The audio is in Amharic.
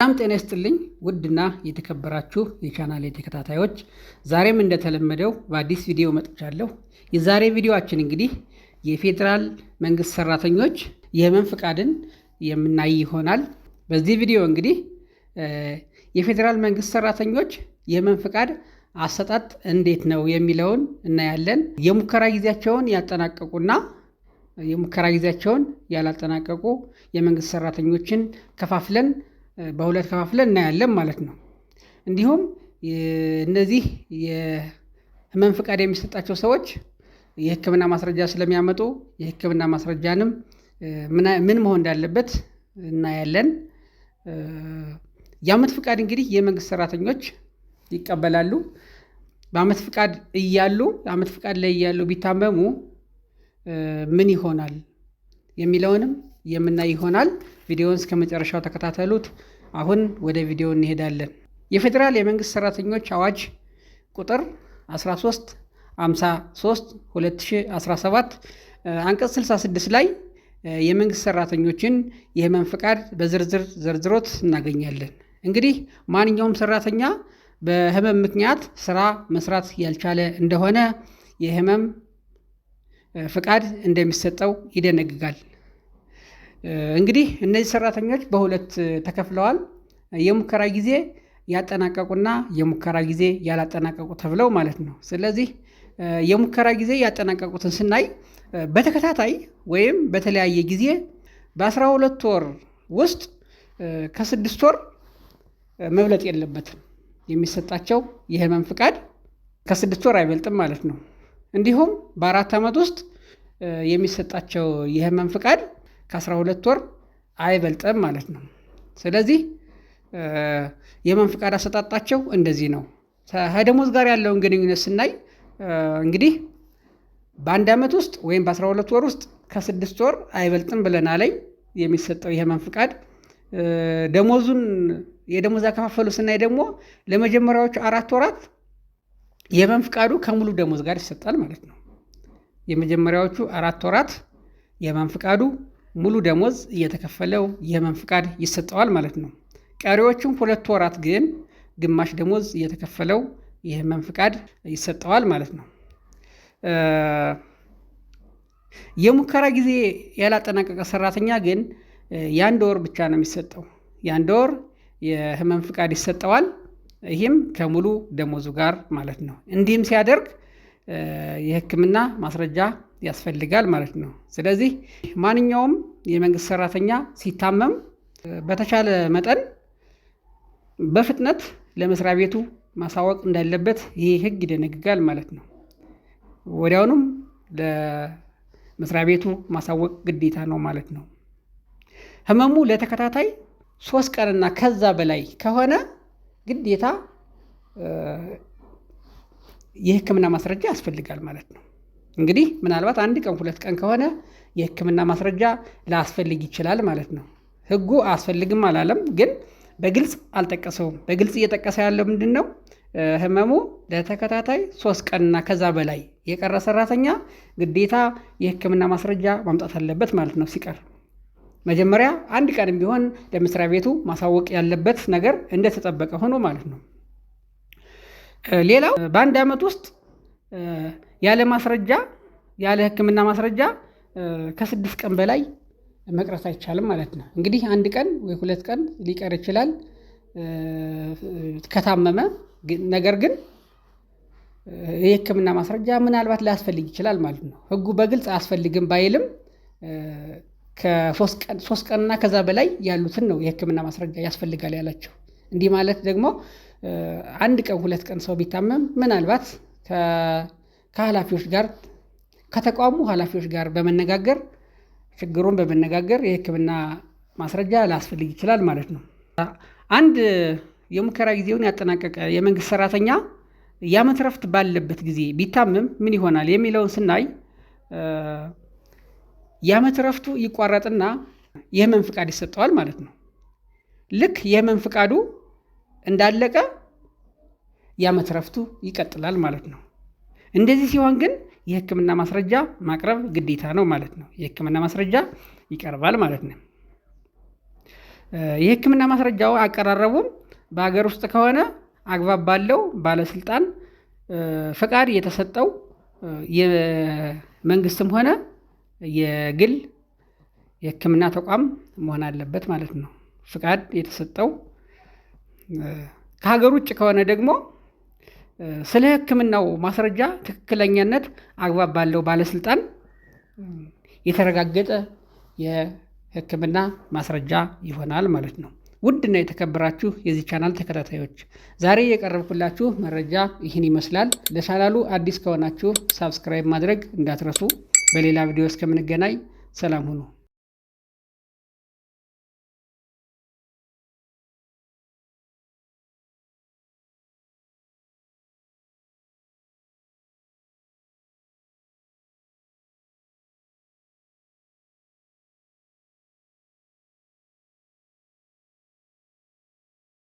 በጣም ጤና ይስጥልኝ ውድና የተከበራችሁ የቻናል ተከታታዮች፣ ዛሬም እንደተለመደው በአዲስ ቪዲዮ መጥቻለሁ። የዛሬ ቪዲዮችን እንግዲህ የፌዴራል መንግስት ሰራተኞች የህመም ፍቃድን የምናይ ይሆናል። በዚህ ቪዲዮ እንግዲህ የፌዴራል መንግስት ሰራተኞች የህመም ፍቃድ አሰጣጥ እንዴት ነው የሚለውን እናያለን። የሙከራ ጊዜያቸውን ያጠናቀቁና የሙከራ ጊዜያቸውን ያላጠናቀቁ የመንግስት ሰራተኞችን ከፋፍለን በሁለት ከፋፍለን እናያለን ማለት ነው። እንዲሁም እነዚህ የህመም ፍቃድ የሚሰጣቸው ሰዎች የህክምና ማስረጃ ስለሚያመጡ የህክምና ማስረጃንም ምን መሆን እንዳለበት እናያለን። የአመት ፍቃድ እንግዲህ የመንግስት ሰራተኞች ይቀበላሉ። በአመት ፍቃድ እያሉ አመት ፍቃድ ላይ እያሉ ቢታመሙ ምን ይሆናል የሚለውንም የምናይ ይሆናል። ቪዲዮውን እስከ መጨረሻው ተከታተሉት። አሁን ወደ ቪዲዮ እንሄዳለን። የፌዴራል የመንግስት ሰራተኞች አዋጅ ቁጥር 13 53 2017 አንቀጽ 66 ላይ የመንግስት ሰራተኞችን የህመም ፍቃድ በዝርዝር ዘርዝሮት እናገኛለን። እንግዲህ ማንኛውም ሰራተኛ በህመም ምክንያት ስራ መስራት ያልቻለ እንደሆነ የህመም ፍቃድ እንደሚሰጠው ይደነግጋል። እንግዲህ እነዚህ ሰራተኞች በሁለት ተከፍለዋል። የሙከራ ጊዜ ያጠናቀቁና የሙከራ ጊዜ ያላጠናቀቁ ተብለው ማለት ነው። ስለዚህ የሙከራ ጊዜ ያጠናቀቁትን ስናይ በተከታታይ ወይም በተለያየ ጊዜ በአስራ ሁለት ወር ውስጥ ከስድስት ወር መብለጥ የለበትም። የሚሰጣቸው የህመም ፍቃድ ከስድስት ወር አይበልጥም ማለት ነው። እንዲሁም በአራት ዓመት ውስጥ የሚሰጣቸው የህመም ፍቃድ ከ12 ወር አይበልጥም ማለት ነው። ስለዚህ የመን ፍቃድ አሰጣጣቸው እንደዚህ ነው። ከደሞዝ ጋር ያለውን ግንኙነት ስናይ እንግዲህ በአንድ ዓመት ውስጥ ወይም በ12 ወር ውስጥ ከስድስት ወር አይበልጥም ብለን አለኝ የሚሰጠው የመን ፍቃድ ደሞዙን የደሞዝ አከፋፈሉ ስናይ ደግሞ ለመጀመሪያዎቹ አራት ወራት የመን ፍቃዱ ከሙሉ ደሞዝ ጋር ይሰጣል ማለት ነው። የመጀመሪያዎቹ አራት ወራት የመን ፍቃዱ ሙሉ ደሞዝ እየተከፈለው የህመም ፍቃድ ይሰጠዋል ማለት ነው። ቀሪዎቹም ሁለት ወራት ግን ግማሽ ደሞዝ እየተከፈለው የህመም ፍቃድ ይሰጠዋል ማለት ነው። የሙከራ ጊዜ ያላጠናቀቀ ሰራተኛ ግን የአንድ ወር ብቻ ነው የሚሰጠው። የአንድ ወር የህመም ፍቃድ ይሰጠዋል። ይህም ከሙሉ ደሞዙ ጋር ማለት ነው። እንዲህም ሲያደርግ የህክምና ማስረጃ ያስፈልጋል ማለት ነው። ስለዚህ ማንኛውም የመንግስት ሰራተኛ ሲታመም በተቻለ መጠን በፍጥነት ለመስሪያ ቤቱ ማሳወቅ እንዳለበት ይህ ህግ ይደነግጋል ማለት ነው። ወዲያውኑም ለመስሪያ ቤቱ ማሳወቅ ግዴታ ነው ማለት ነው። ህመሙ ለተከታታይ ሶስት ቀንና ከዛ በላይ ከሆነ ግዴታ የህክምና ማስረጃ ያስፈልጋል ማለት ነው። እንግዲህ ምናልባት አንድ ቀን ሁለት ቀን ከሆነ የህክምና ማስረጃ ላስፈልግ ይችላል ማለት ነው። ህጉ አያስፈልግም አላለም፣ ግን በግልጽ አልጠቀሰውም። በግልጽ እየጠቀሰ ያለው ምንድን ነው? ህመሙ ለተከታታይ ሶስት ቀንና ከዛ በላይ የቀረ ሰራተኛ ግዴታ የህክምና ማስረጃ ማምጣት አለበት ማለት ነው ሲቀር መጀመሪያ አንድ ቀንም ቢሆን ለመስሪያ ቤቱ ማሳወቅ ያለበት ነገር እንደተጠበቀ ሆኖ ማለት ነው። ሌላው በአንድ ዓመት ውስጥ ያለ ማስረጃ ያለ ሕክምና ማስረጃ ከስድስት ቀን በላይ መቅረት አይቻልም ማለት ነው። እንግዲህ አንድ ቀን ወይ ሁለት ቀን ሊቀር ይችላል ከታመመ ነገር ግን የሕክምና ማስረጃ ምናልባት ሊያስፈልግ ይችላል ማለት ነው። ህጉ በግልጽ አያስፈልግም ባይልም ከሶስት ቀንና ከዛ በላይ ያሉትን ነው የሕክምና ማስረጃ ያስፈልጋል ያላቸው። እንዲህ ማለት ደግሞ አንድ ቀን ሁለት ቀን ሰው ቢታመም ምናልባት ከኃላፊዎች ጋር ከተቋሙ ኃላፊዎች ጋር በመነጋገር ችግሩን በመነጋገር የሕክምና ማስረጃ ሊያስፈልግ ይችላል ማለት ነው። አንድ የሙከራ ጊዜውን ያጠናቀቀ የመንግስት ሰራተኛ የዓመት ረፍት ባለበት ጊዜ ቢታመም ምን ይሆናል የሚለውን ስናይ የዓመት ረፍቱ ይቋረጥና የህመም ፍቃድ ይሰጠዋል ማለት ነው። ልክ የህመም ፍቃዱ እንዳለቀ የዓመት ረፍቱ ይቀጥላል ማለት ነው። እንደዚህ ሲሆን ግን የህክምና ማስረጃ ማቅረብ ግዴታ ነው ማለት ነው። የህክምና ማስረጃ ይቀርባል ማለት ነው። የህክምና ማስረጃው አቀራረቡም በሀገር ውስጥ ከሆነ አግባብ ባለው ባለስልጣን ፈቃድ የተሰጠው የመንግስትም ሆነ የግል የህክምና ተቋም መሆን አለበት ማለት ነው። ፍቃድ የተሰጠው ከሀገር ውጭ ከሆነ ደግሞ ስለ ሕክምናው ማስረጃ ትክክለኛነት አግባብ ባለው ባለስልጣን የተረጋገጠ የሕክምና ማስረጃ ይሆናል ማለት ነው። ውድና የተከበራችሁ የዚህ ቻናል ተከታታዮች ዛሬ የቀረብኩላችሁ መረጃ ይህን ይመስላል። ለቻናሉ አዲስ ከሆናችሁ ሳብስክራይብ ማድረግ እንዳትረሱ። በሌላ ቪዲዮ እስከምንገናኝ ሰላም ሁኑ።